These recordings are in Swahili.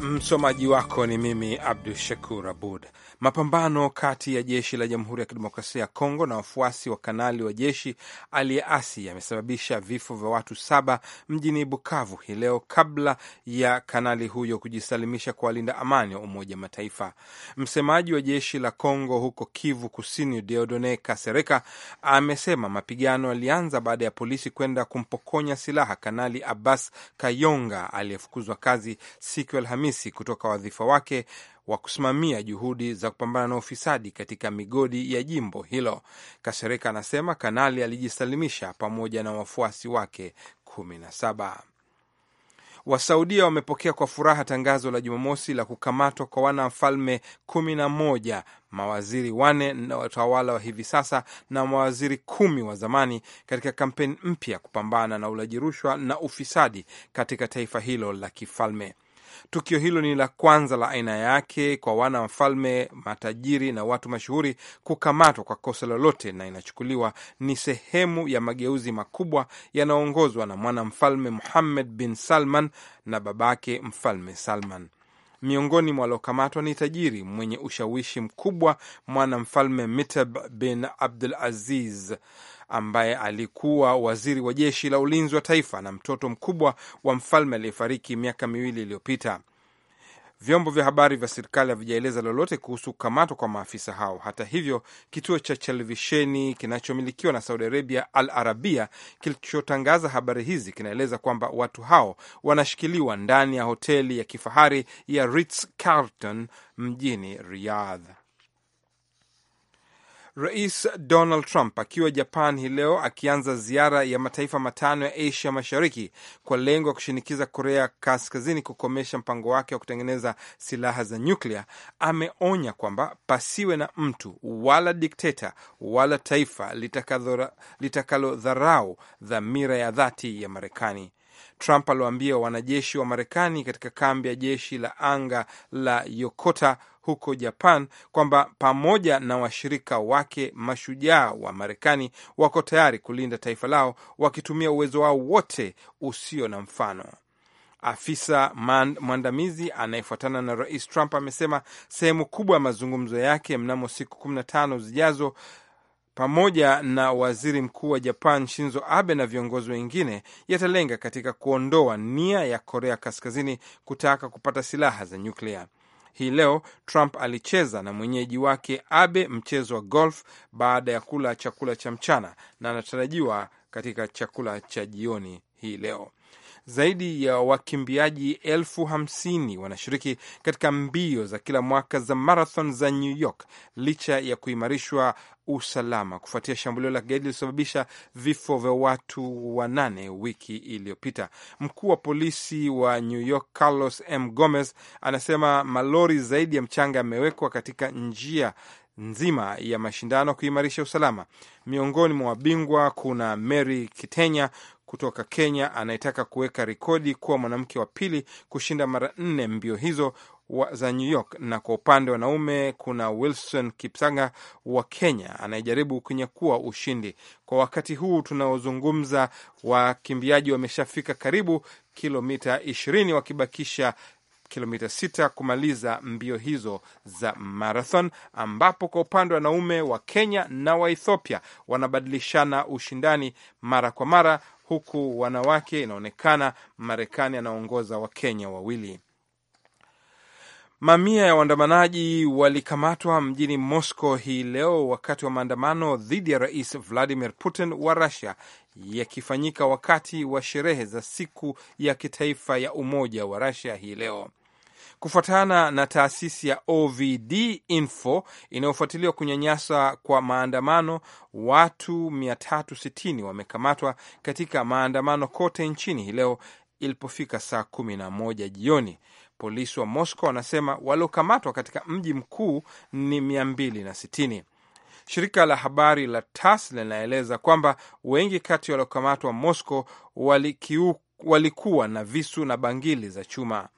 Msomaji wako ni mimi Abdu Shakur Abud. Mapambano kati ya jeshi la Jamhuri ya Kidemokrasia ya Kongo na wafuasi wa kanali wa jeshi aliyeasi yamesababisha vifo vya watu saba mjini Bukavu hii leo kabla ya kanali huyo kujisalimisha kwa walinda amani wa Umoja wa Mataifa. Msemaji wa jeshi la Kongo huko Kivu Kusini, Deodone Kasereka, amesema mapigano yalianza baada ya polisi kwenda kumpokonya silaha Kanali Abbas Kayonga aliyefukuzwa kazi siku ya Alhamisi Alhamisi kutoka wadhifa wake wa kusimamia juhudi za kupambana na ufisadi katika migodi ya jimbo hilo. Kasereka anasema kanali alijisalimisha pamoja na wafuasi wake kumi na saba. Wasaudia wamepokea kwa furaha tangazo la Jumamosi la kukamatwa kwa wanamfalme kumi na moja, mawaziri wane na watawala wa hivi sasa na mawaziri kumi wa zamani katika kampeni mpya kupambana na ulaji rushwa na ufisadi katika taifa hilo la kifalme. Tukio hilo ni la kwanza la aina yake kwa wana mfalme, matajiri na watu mashuhuri kukamatwa kwa kosa lolote, na inachukuliwa ni sehemu ya mageuzi makubwa yanayoongozwa na mwanamfalme Muhammed bin Salman na babake Mfalme Salman. Miongoni mwa waliokamatwa ni tajiri mwenye ushawishi mkubwa mwanamfalme Mitab bin Abdul Aziz ambaye alikuwa waziri wa jeshi la ulinzi wa taifa na mtoto mkubwa wa mfalme aliyefariki miaka miwili iliyopita. Vyombo vya habari vya serikali havijaeleza lolote kuhusu kukamatwa kwa maafisa hao. Hata hivyo, kituo cha televisheni kinachomilikiwa na Saudi Arabia, Al Arabia, kilichotangaza habari hizi kinaeleza kwamba watu hao wanashikiliwa ndani ya hoteli ya kifahari ya Ritz Carlton mjini Riyadh. Rais Donald Trump akiwa Japan hii leo akianza ziara ya mataifa matano ya Asia Mashariki kwa lengo ya kushinikiza Korea Kaskazini kukomesha mpango wake wa kutengeneza silaha za nyuklia, ameonya kwamba pasiwe na mtu wala dikteta wala taifa litakalodharau dhamira ya dhati ya Marekani. Trump aliwaambia wanajeshi wa Marekani katika kambi ya jeshi la anga la Yokota huko Japan kwamba pamoja na washirika wake mashujaa wa Marekani wako tayari kulinda taifa lao wakitumia uwezo wao wote usio na mfano. Afisa mwandamizi anayefuatana na Rais Trump amesema sehemu kubwa ya mazungumzo yake mnamo siku 15 zijazo pamoja na waziri mkuu wa Japan Shinzo Abe na viongozi wengine yatalenga katika kuondoa nia ya Korea Kaskazini kutaka kupata silaha za nyuklia. Hii leo Trump alicheza na mwenyeji wake Abe mchezo wa golf baada ya kula chakula cha mchana na anatarajiwa katika chakula cha jioni hii leo. Zaidi ya wakimbiaji elfu hamsini wanashiriki katika mbio za kila mwaka za marathon za New York licha ya kuimarishwa usalama kufuatia shambulio la kigaidi lililosababisha vifo vya watu wanane wiki iliyopita. Mkuu wa polisi wa New York Carlos M Gomez anasema malori zaidi ya mchanga yamewekwa katika njia nzima ya mashindano kuimarisha usalama. Miongoni mwa wabingwa kuna Mary Kitenya kutoka Kenya anayetaka kuweka rekodi kuwa mwanamke wa pili kushinda mara nne mbio hizo za New York, na kwa upande wa wanaume kuna Wilson Kipsanga wa Kenya anayejaribu kunyakua ushindi. Kwa wakati huu tunaozungumza, wakimbiaji wameshafika karibu kilomita ishirini wakibakisha kilomita sita kumaliza mbio hizo za marathon, ambapo kwa upande wa wanaume wa Kenya na wa Ethiopia wanabadilishana ushindani mara kwa mara, huku wanawake inaonekana Marekani anaongoza Wakenya wawili. Mamia ya waandamanaji walikamatwa mjini Moscow hii leo wakati wa maandamano dhidi ya rais Vladimir Putin wa Russia yakifanyika wakati wa sherehe za siku ya kitaifa ya umoja wa Russia hii leo. Kufuatana na taasisi ya OVD Info inayofuatilia kunyanyasa kwa maandamano, watu 360 wamekamatwa katika maandamano kote nchini hii leo ilipofika saa 11 jioni. Polisi wa Moscow wanasema waliokamatwa katika mji mkuu ni sitini Shirika la habari la TASS linaeleza kwamba wengi kati ya waliokamatwa Moscow walikuwa na visu na bangili za chuma.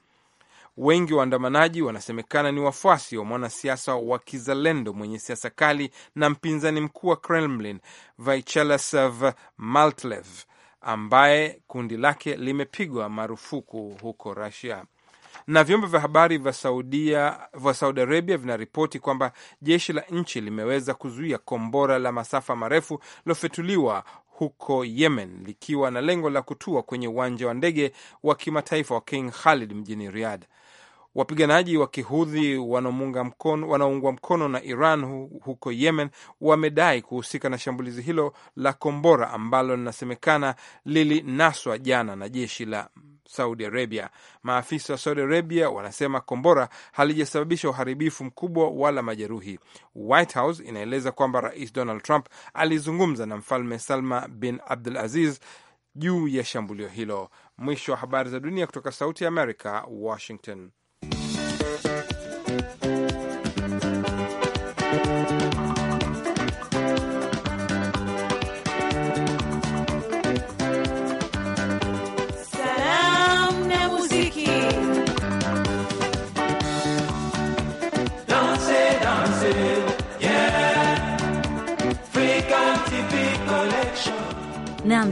Wengi waandamanaji wanasemekana ni wafuasi wa mwanasiasa wa kizalendo mwenye siasa kali na mpinzani mkuu wa Kremlin, Vyacheslav Maltsev, ambaye kundi lake limepigwa marufuku huko Russia. Na vyombo vya habari vya Saudia, vya Saudi Arabia vinaripoti kwamba jeshi la nchi limeweza kuzuia kombora la masafa marefu lilofetuliwa huko Yemen likiwa na lengo la kutua kwenye uwanja wa ndege wa kimataifa wa King Khalid mjini Riyadh. Wapiganaji wa kihudhi wanaoungwa mkono na Iran huko Yemen wamedai kuhusika na shambulizi hilo la kombora ambalo linasemekana lilinaswa jana na jeshi la Saudi Arabia. Maafisa wa Saudi Arabia wanasema kombora halijasababisha uharibifu mkubwa wala majeruhi. White House inaeleza kwamba Rais Donald Trump alizungumza na Mfalme Salma bin Abdul Aziz juu ya shambulio hilo. Mwisho wa habari za dunia kutoka Sauti ya America, Washington.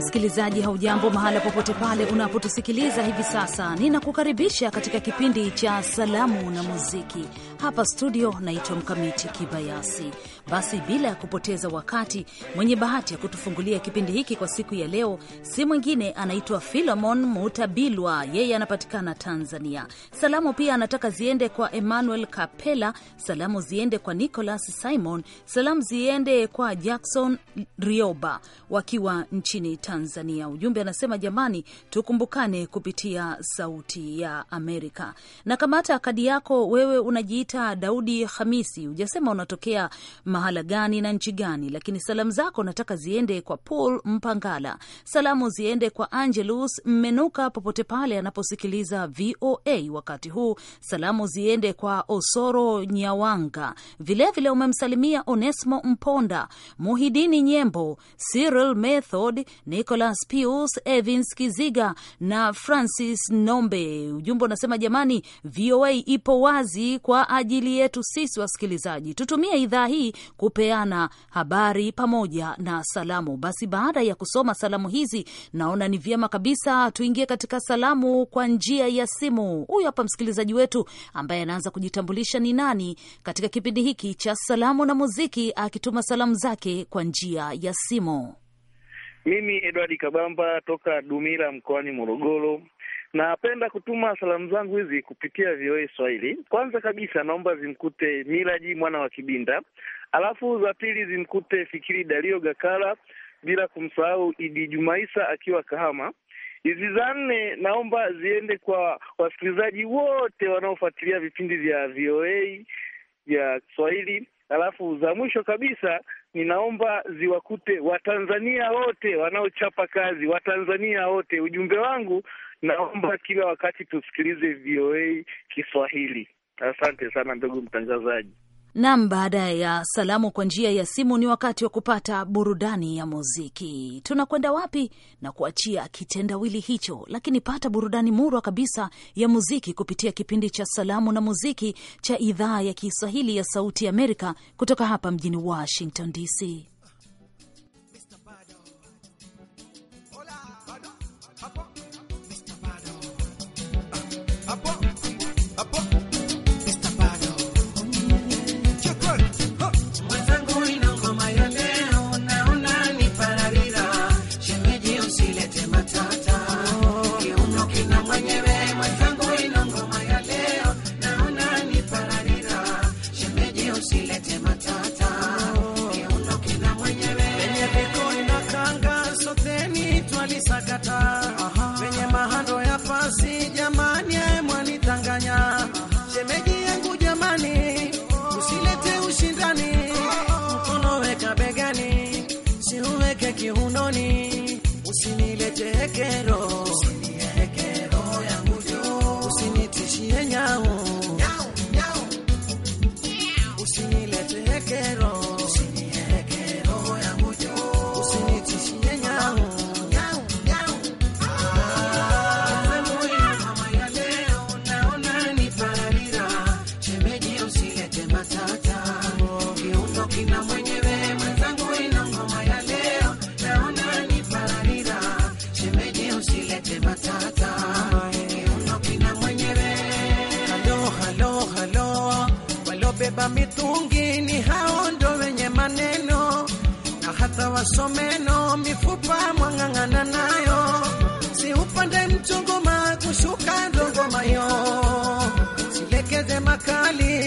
Msikilizaji, haujambo mahala popote pale unapotusikiliza hivi sasa, ninakukaribisha katika kipindi cha salamu na muziki. Hapa studio naitwa Mkamiti Kibayasi. Basi bila ya kupoteza wakati, mwenye bahati ya kutufungulia kipindi hiki kwa siku ya leo si mwingine, anaitwa Filemon Mutabilwa. Yeye anapatikana Tanzania. Salamu pia anataka ziende kwa Emmanuel Kapela, salamu ziende kwa Nicolas Simon, salamu ziende kwa Jackson Rioba wakiwa nchini Tanzania. Ujumbe anasema jamani, tukumbukane kupitia Sauti ya Amerika. Na kamata kadi yako wewe unajiita Twitter, Daudi Hamisi, hujasema unatokea mahala gani na nchi gani, lakini salamu zako nataka ziende kwa Paul Mpangala, salamu ziende kwa Angelus Mmenuka popote pale anaposikiliza VOA wakati huu, salamu ziende kwa Osoro Nyawanga, vilevile umemsalimia Onesimo Mponda, Muhidini Nyembo, Cyril Method, Nicolas Pius, Evins Kiziga na Francis Nombe. Ujumbe unasema jamani, VOA ipo wazi kwa ajili yetu sisi wasikilizaji. Tutumie idhaa hii kupeana habari pamoja na salamu. Basi baada ya kusoma salamu hizi, naona ni vyema kabisa tuingie katika salamu kwa njia ya simu. Huyu hapa msikilizaji wetu ambaye anaanza kujitambulisha ni nani katika kipindi hiki cha salamu na muziki, akituma salamu zake kwa njia ya simu. Mimi Edward Kabamba toka Dumila mkoani Morogoro Napenda kutuma salamu zangu hizi kupitia VOA Swahili. Kwanza kabisa, naomba zimkute Miraji mwana wa Kibinda, alafu za pili zimkute Fikiri Dario Gakala, bila kumsahau Idi Jumaisa akiwa Kahama. Hizi za nne naomba ziende kwa wasikilizaji wote wanaofuatilia vipindi vya VOA vya Kiswahili. Alafu za mwisho kabisa ninaomba ziwakute Watanzania wote wanaochapa kazi, Watanzania wote. Ujumbe wangu Naomba kila wakati tusikilize VOA Kiswahili. Asante sana ndugu mtangazaji. Nam, baada ya salamu kwa njia ya simu, ni wakati wa kupata burudani ya muziki. Tunakwenda wapi? Na kuachia kitendawili hicho, lakini pata burudani murwa kabisa ya muziki kupitia kipindi cha salamu na muziki cha idhaa ya Kiswahili ya Sauti Amerika kutoka hapa mjini Washington DC.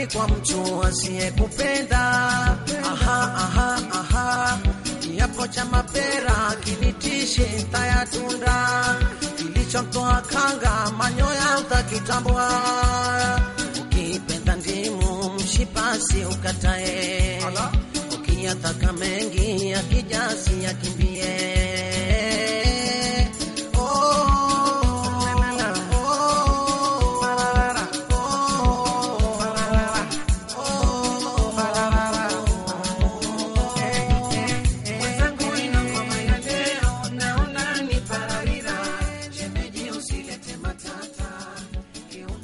kwa mtu asiyekupenda. Aha, aha, aha, kiapo cha mapera kinitishe tayatunda, kilichotoa kanga manyoya utakitambua. Ukipenda ndimu mshipasi ukatae, ukiyataka mengi akijasi akimbie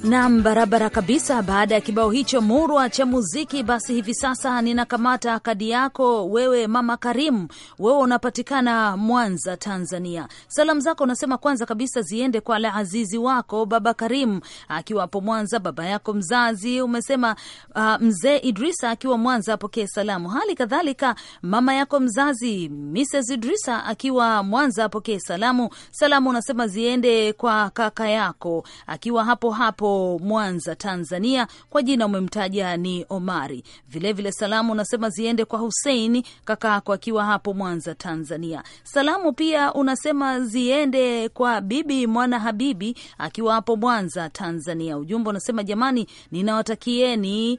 Nam, barabara kabisa. Baada ya kibao hicho murwa cha muziki, basi hivi sasa ninakamata kadi yako wewe, Mama Karimu. Wewe unapatikana Mwanza, Tanzania. Salamu zako unasema kwanza kabisa ziende kwa la azizi wako Baba Karimu akiwa hapo Mwanza, baba yako mzazi. Umesema uh, mzee Idrisa akiwa Mwanza apokee salamu, hali kadhalika mama yako mzazi Mrs Idrisa akiwa Mwanza apokee salamu. Salamu unasema ziende kwa kaka yako akiwa hapo hapo Mwanza, Tanzania, kwa jina umemtaja ni Omari. Vilevile vile salamu unasema ziende kwa Huseini kakaako akiwa hapo Mwanza, Tanzania. Salamu pia unasema ziende kwa bibi mwana Habibi akiwa hapo Mwanza, Tanzania. Ujumbe unasema jamani, ninawatakieni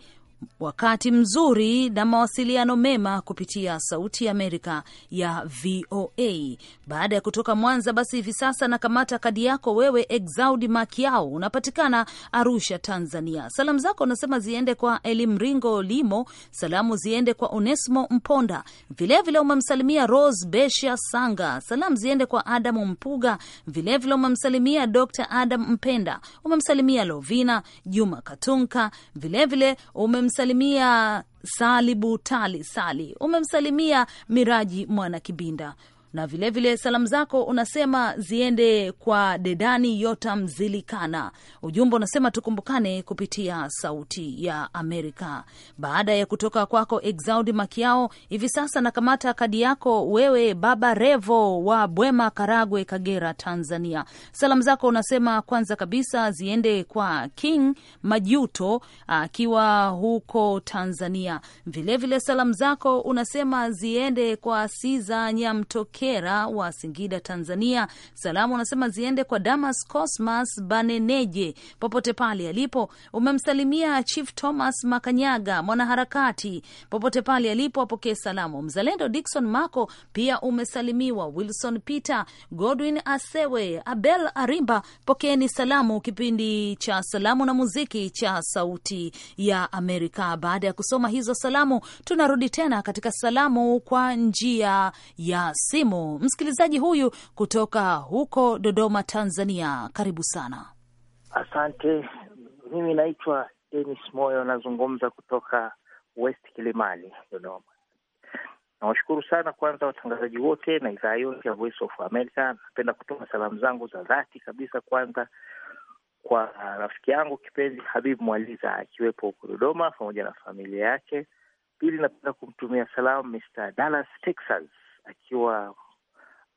wakati mzuri na mawasiliano mema kupitia Sauti ya Amerika ya VOA. Baada ya kutoka Mwanza, basi hivi sasa nakamata kadi yako wewe, Exaudi Makiao, unapatikana Arusha, Tanzania. Salamu zako unasema ziende kwa Elimringo Limo, salamu ziende kwa Onesimo Mponda, vilevile umemsalimia Rose Besha Sanga, salamu ziende kwa Adamu Mpuga, vilevile umemsalimia Dr Adam Mpenda, umemsalimia Lovina Juma Katunka, vilevile ume umemsalimia Salibu Tali Sali, umemsalimia Miraji Mwana Kibinda, na vilevile salamu zako unasema ziende kwa Dedani Yota Mzilikana. Ujumbe unasema tukumbukane kupitia Sauti ya Amerika. Baada ya kutoka kwako Exaudi Makiao, hivi sasa nakamata kadi yako wewe, Baba Revo wa Bwema, Karagwe, Kagera, Tanzania. Salamu zako unasema kwanza kabisa ziende kwa King Majuto akiwa huko Tanzania. Vilevile salamu zako unasema ziende kwa Siza Nyamtoki Makera wa Singida, Tanzania. Salamu anasema ziende kwa Damas Cosmas Baneneje popote pale alipo. Umemsalimia Chief Thomas Makanyaga mwanaharakati popote pale alipo, apokee salamu. Mzalendo Dikson Mako pia umesalimiwa. Wilson Peter Godwin Asewe Abel Arimba, pokeeni salamu. Kipindi cha salamu na muziki cha Sauti ya Amerika. Baada ya kusoma hizo salamu, tunarudi tena katika salamu kwa njia ya simu simu. Msikilizaji huyu kutoka huko Dodoma, Tanzania, karibu sana. Asante. Mimi naitwa Denis Moyo, nazungumza kutoka West Kilimani, Dodoma. Nawashukuru sana kwanza watangazaji wote na idhaa yote ya Voice of America. Napenda kutuma salamu zangu za dhati kabisa kwanza kwa rafiki yangu kipenzi Habibu Mwaliza akiwepo huko Dodoma pamoja na familia yake. Pili, napenda kumtumia salamu Mr Dallas Texas akiwa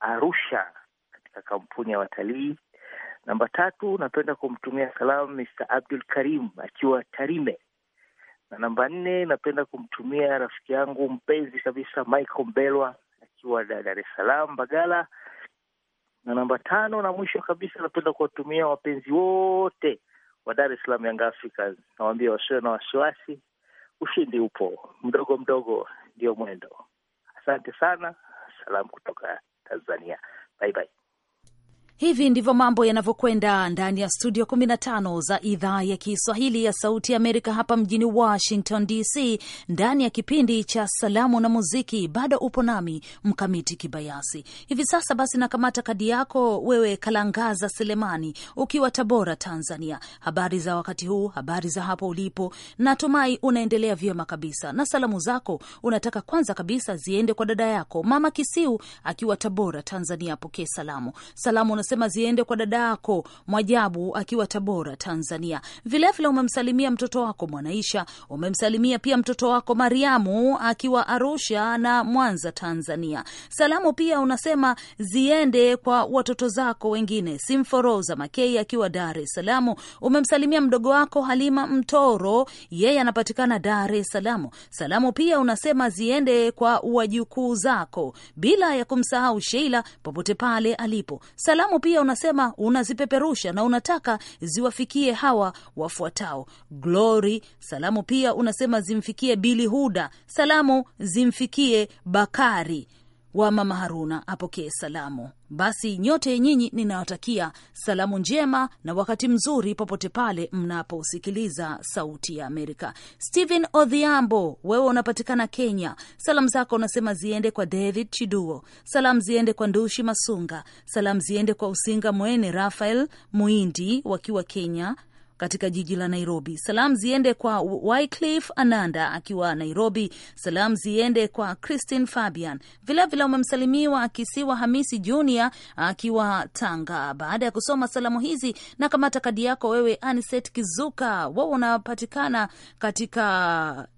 Arusha katika kampuni ya watalii. Namba tatu, napenda kumtumia salamu Mr. Abdul Karim akiwa Tarime, na namba nne, napenda kumtumia rafiki yangu mpenzi kabisa Michael Mbelwa akiwa Dar es Salaam Bagala, na namba tano na mwisho kabisa, napenda kuwatumia wapenzi wote wa Dar es Salaam Young nawaambia wasiwe na wasiwasi, ushindi upo, mdogo mdogo ndio mwendo. Asante sana, Salaam kutoka Tanzania. Bye bye. Hivi ndivyo mambo yanavyokwenda ndani ya studio 15 za idhaa ya Kiswahili ya Sauti ya Amerika hapa mjini Washington DC, ndani ya kipindi cha Salamu na Muziki. Bado upo nami Mkamiti Kibayasi. Hivi sasa basi, nakamata kadi yako wewe, Kalangaza Selemani, ukiwa Tabora, Tanzania. Habari za wakati huu, habari za hapo ulipo. Natumai unaendelea vyema kabisa, na salamu zako unataka kwanza kabisa ziende kwa dada yako Mama Kisiu akiwa Tabora, Tanzania. Pokee salamu. Salamu unasema ziende kwa dada yako Mwajabu akiwa Tabora, Tanzania. Vilevile umemsalimia mtoto wako Mwanaisha, umemsalimia pia mtoto wako Mariamu akiwa Arusha na Mwanza, Tanzania. Salamu pia unasema ziende kwa watoto zako wengine, Simforoza Makei akiwa Dar es Salaam. Umemsalimia mdogo wako Halima Mtoro, yeye anapatikana Dar es Salaam. Salamu pia unasema ziende kwa wajukuu zako, bila ya kumsahau Sheila popote pale alipo. Salamu Uislamu pia unasema unazipeperusha na unataka ziwafikie hawa wafuatao. Glory salamu pia unasema zimfikie Bili Huda, salamu zimfikie Bakari wa Mama Haruna apokee salamu. Basi nyote nyinyi ninawatakia salamu njema na wakati mzuri popote pale mnaposikiliza Sauti ya Amerika. Stephen Odhiambo, wewe unapatikana Kenya. Salamu zako unasema ziende kwa David Chiduo, salamu ziende kwa Ndushi Masunga, salamu ziende kwa Usinga Mwene Rafael Muindi wakiwa Kenya, katika jiji la Nairobi. Salamu ziende kwa Wycliffe Ananda akiwa Nairobi. Salamu ziende kwa Christine Fabian, vilevile umemsalimiwa Kisiwa Hamisi Junior akiwa Tanga. Baada ya kusoma salamu hizi, na kamata kadi yako wewe, Aniset Kizuka, wao unapatikana katika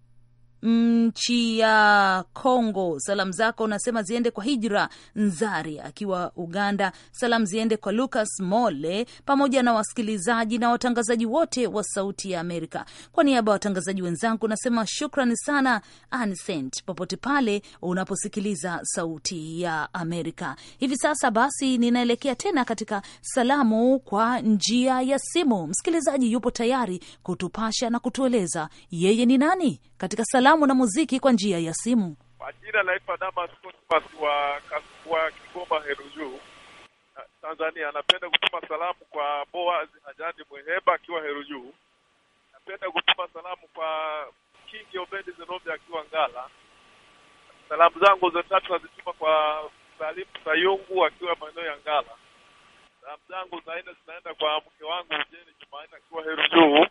nchi ya congo Salamu zako unasema ziende kwa Hijra Nzari akiwa Uganda. Salamu ziende kwa Lucas Mole pamoja na wasikilizaji na watangazaji wote wa Sauti ya Amerika. Kwa niaba ya watangazaji wenzangu nasema shukrani sana Ansent, popote pale unaposikiliza Sauti ya Amerika hivi sasa. Basi ninaelekea tena katika salamu kwa njia ya simu. Msikilizaji yupo tayari kutupasha na kutueleza yeye ni nani katika salamu filamu na muziki kwa njia ya simu. Majina naitwa Damas wa Kasukwa, Kigoma Herujuu, Tanzania. Napenda kutuma salamu kwa Boaz Hajani Mweheba akiwa Herujuu. Napenda kutuma salamu kwa Kingi Obedi Zenobi akiwa Ngala. Salamu zangu zote tatu nazituma kwa Salimu Sayungu akiwa maeneo ya Ngala. Salamu zangu zaine zinaenda kwa mke wangu Jeni Jumanne akiwa Herujuu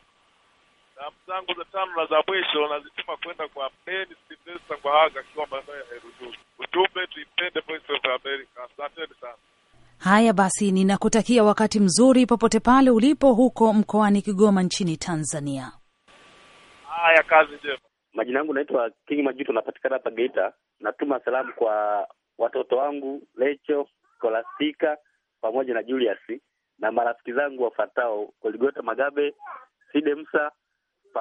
damu zangu za tano na za mwisho nazituma kwenda kwa Mneni Silvesta kwa Haga akiwa maeneo ya Herujuu. Ujumbe tuipende Voice of America. Asanteni sana. Haya basi, ninakutakia wakati mzuri popote pale ulipo huko mkoani Kigoma nchini Tanzania. Haya, kazi njema. Majina yangu naitwa King Majuto, napatikana hapa Geita. Natuma salamu kwa watoto wangu Lecho Kolastika pamoja na Julius na marafiki zangu wafuatao Koligota Magabe, Sidemsa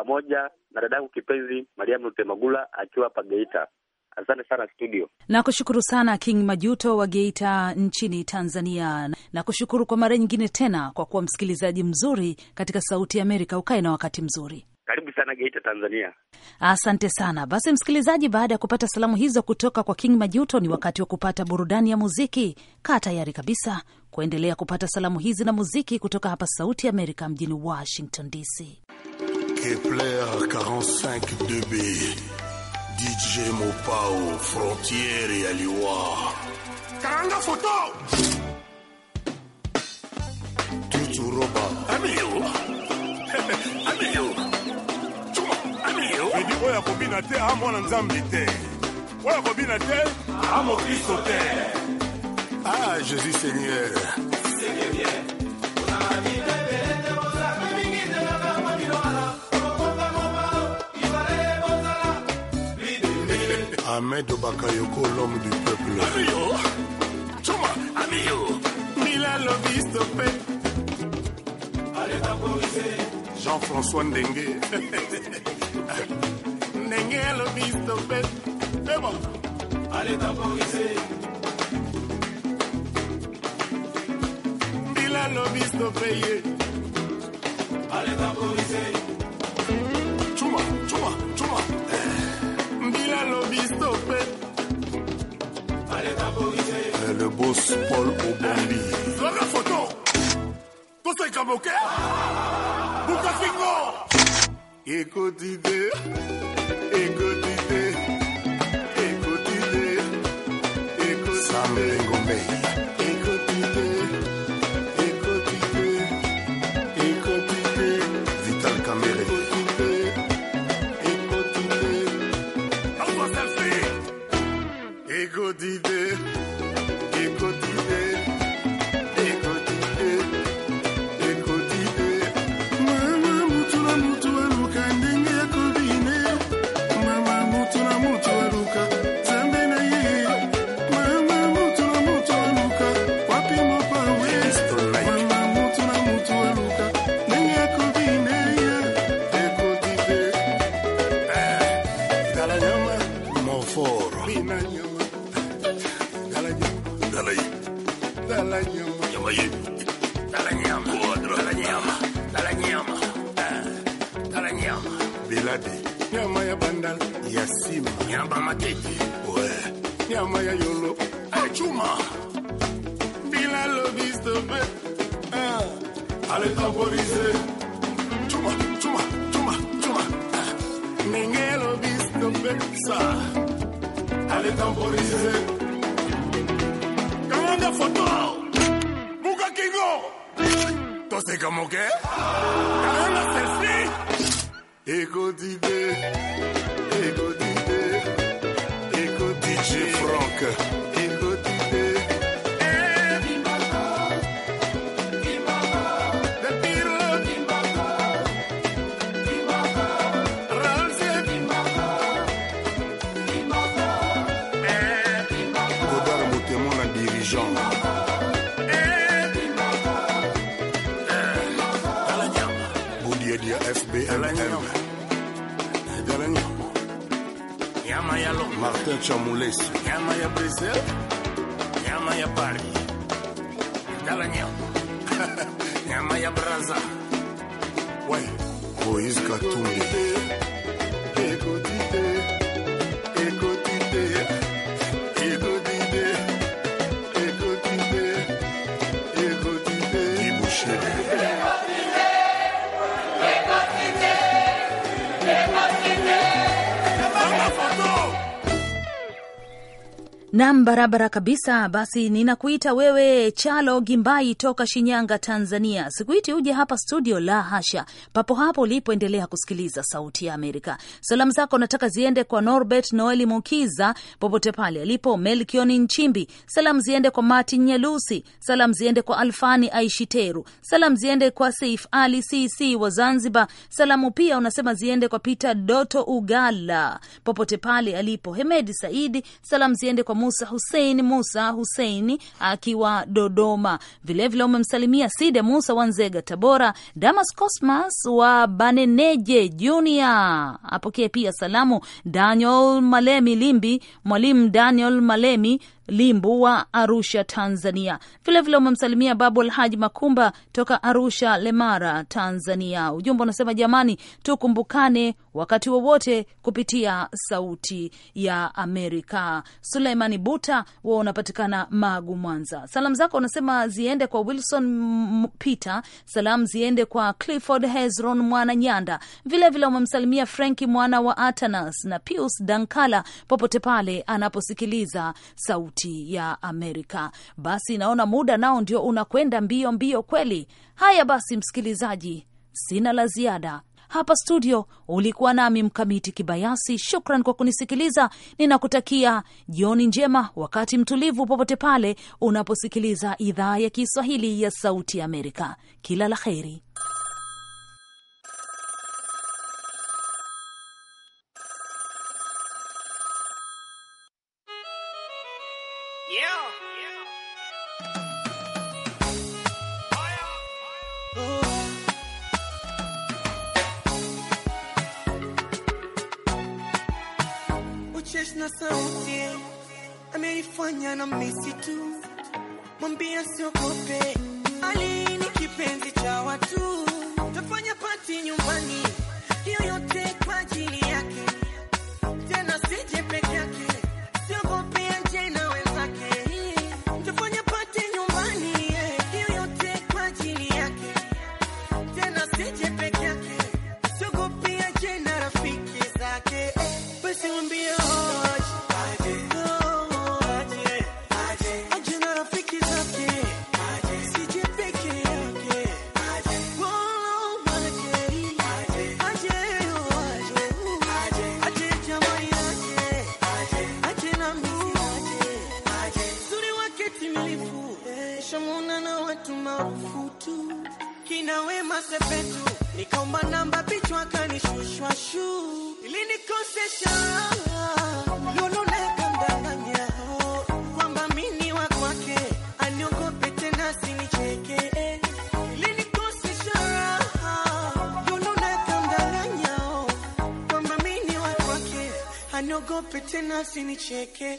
pamoja na dadangu kipenzi Mariamu Lutemagula akiwa hapa Geita. Asante sana studio. Nakushukuru sana King Majuto wa Geita nchini Tanzania. Nakushukuru kwa mara nyingine tena kwa kuwa msikilizaji mzuri katika Sauti ya Amerika. Ukae na wakati mzuri. Karibu sana Geita, Tanzania. Asante sana. Basi msikilizaji, baada ya kupata salamu hizo kutoka kwa King Majuto, ni wakati wa kupata burudani ya muziki. Kaa tayari kabisa kuendelea kupata salamu hizi na muziki kutoka hapa Sauti ya Amerika mjini Washington DC. Kepler 45 2B, DJ Mopao, Frontière et Aliwa. Karanga photo! Tutu Roba. Amiyo! Amiyo! ouais, amiyo! Edi oya kobina te, combinaté mwana Ouais, te. Oya kobina te, ha mokristo te. Ah, Jésus Seigneur. Seigneur bien. Ahmed Bakayoko, l'homme du peuple. Amio. chuma, amigo, Milano Bistope. Allez temporiser. Jean-François Ndengue. Ndengue lo Bistope. C'est bon. Allez temporiser. Milano Bistope. Allez temporiser. boss Paul Obambi. photo. fingo. Sam Lengombe. Kim, nyamba matete, ouais, nyamba ya yolo, achuma, bila lobisto, eh. ale tamporise, chuma, chuma, chuma, chuma, eh. nenge lobisto, sa, ale tamporise, kamanda foto, buka kingo, tose como que, kamanda selfie, Ego di me, ego di me, ego di G. Frank. BMM. Dernier. Yamaya Londres. Martin Chamoulis. Yamaya Brésil. Yamaya Paris. Dernier. Yamaya Braza. Ouais. Moïse Katumbi. Nam, barabara kabisa. Basi ninakuita wewe Chalo Gimbai toka Shinyanga, Tanzania. Sikuiti uje hapa studio, la hasha, papo hapo ulipoendelea kusikiliza Sauti ya Amerika. Salamu zako nataka ziende kwa Norbert Noeli Mukiza popote pale alipo, Melkioni Nchimbi. Salamu ziende kwa Martin Nyalusi, salamu ziende kwa Alfani Aishiteru, salamu ziende kwa Saif Ali Cc wa Zanzibar. Salamu pia unasema ziende kwa Peter Doto Ugala popote pale alipo, Hemedi Saidi. Salamu ziende kwa Musa Hussein Musa Hussein akiwa Dodoma. Vilevile umemsalimia Side Musa Wanzega Tabora, Damas Cosmas wa Baneneje Junior apokee pia salamu. Daniel Malemi Limbi, mwalimu Daniel Malemi Limbua, Arusha, Tanzania. Vilevile umemsalimia Babu Alhaji Makumba toka Arusha, Lemara, Tanzania. Ujumbe unasema jamani, tukumbukane wakati wowote wa kupitia Sauti ya Amerika. Suleimani Buta wa unapatikana Magu, Mwanza. Salamu zako unasema ziende kwa Wilson Peter, salamu ziende kwa Clifford Hezron Mwana Nyanda, vilevile umemsalimia Frenki mwana wa Atanas na Pius Dankala popote pale anaposikiliza Sauti Sauti ya Amerika. Basi naona muda nao ndio unakwenda mbio mbio kweli. Haya basi, msikilizaji, sina la ziada hapa studio. Ulikuwa nami Mkamiti Kibayasi. Shukran kwa kunisikiliza, ninakutakia jioni njema, wakati mtulivu, popote pale unaposikiliza idhaa ya Kiswahili ya Sauti ya Amerika. Kila la heri. Kenya na tu mwambia siogope, Ali ni kipenzi cha watu, tafanya pati nyumbani Waniogope tena sinicheke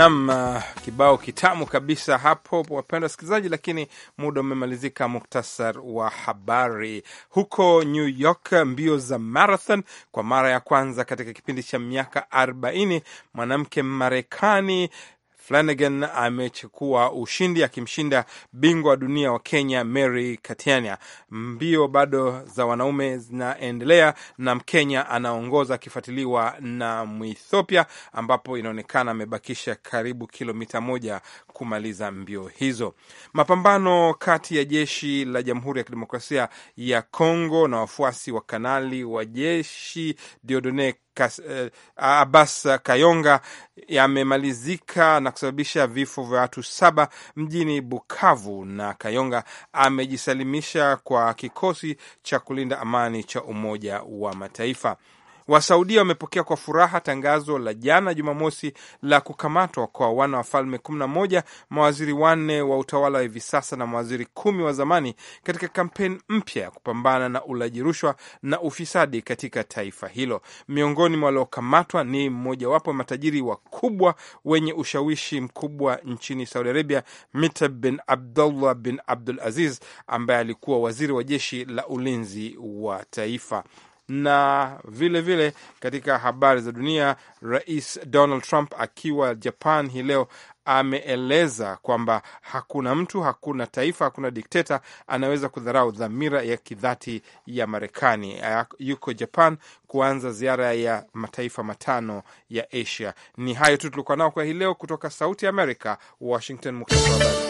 Nam uh, kibao kitamu kabisa hapo, wapenda wasikilizaji, lakini muda umemalizika. Muktasar wa habari. Huko New York, mbio za marathon kwa mara ya kwanza katika kipindi cha miaka 40 mwanamke Marekani Flanagan amechukua ushindi akimshinda bingwa wa dunia wa Kenya Mary Katiana. Mbio bado za wanaume zinaendelea na Mkenya anaongoza akifuatiliwa na Mwethiopia, ambapo inaonekana amebakisha karibu kilomita moja kumaliza mbio hizo. Mapambano kati ya jeshi la Jamhuri ya Kidemokrasia ya Kongo na wafuasi wa kanali wa jeshi Diodone Eh, Abbas Kayonga yamemalizika na kusababisha vifo vya watu saba mjini Bukavu, na Kayonga amejisalimisha kwa kikosi cha kulinda amani cha Umoja wa Mataifa. Wasaudia wamepokea kwa furaha tangazo la jana Jumamosi la kukamatwa kwa wana wafalme 11 mawaziri wanne wa utawala wa hivi sasa na mawaziri kumi wa zamani katika kampeni mpya ya kupambana na ulaji rushwa na ufisadi katika taifa hilo. Miongoni mwa waliokamatwa ni mmojawapo matajiri wakubwa wenye ushawishi mkubwa nchini Saudi Arabia, mita bin Abdullah bin Abdul Aziz ambaye alikuwa waziri wa jeshi la ulinzi wa taifa na vilevile vile katika habari za dunia, Rais Donald Trump akiwa Japan hii leo ameeleza kwamba hakuna mtu, hakuna taifa, hakuna dikteta anaweza kudharau dhamira ya kidhati ya Marekani. Yuko Japan kuanza ziara ya mataifa matano ya Asia. Ni hayo tu tulikuwa nao kwa hii leo, kutoka Sauti ya Amerika, Washington. Muktasari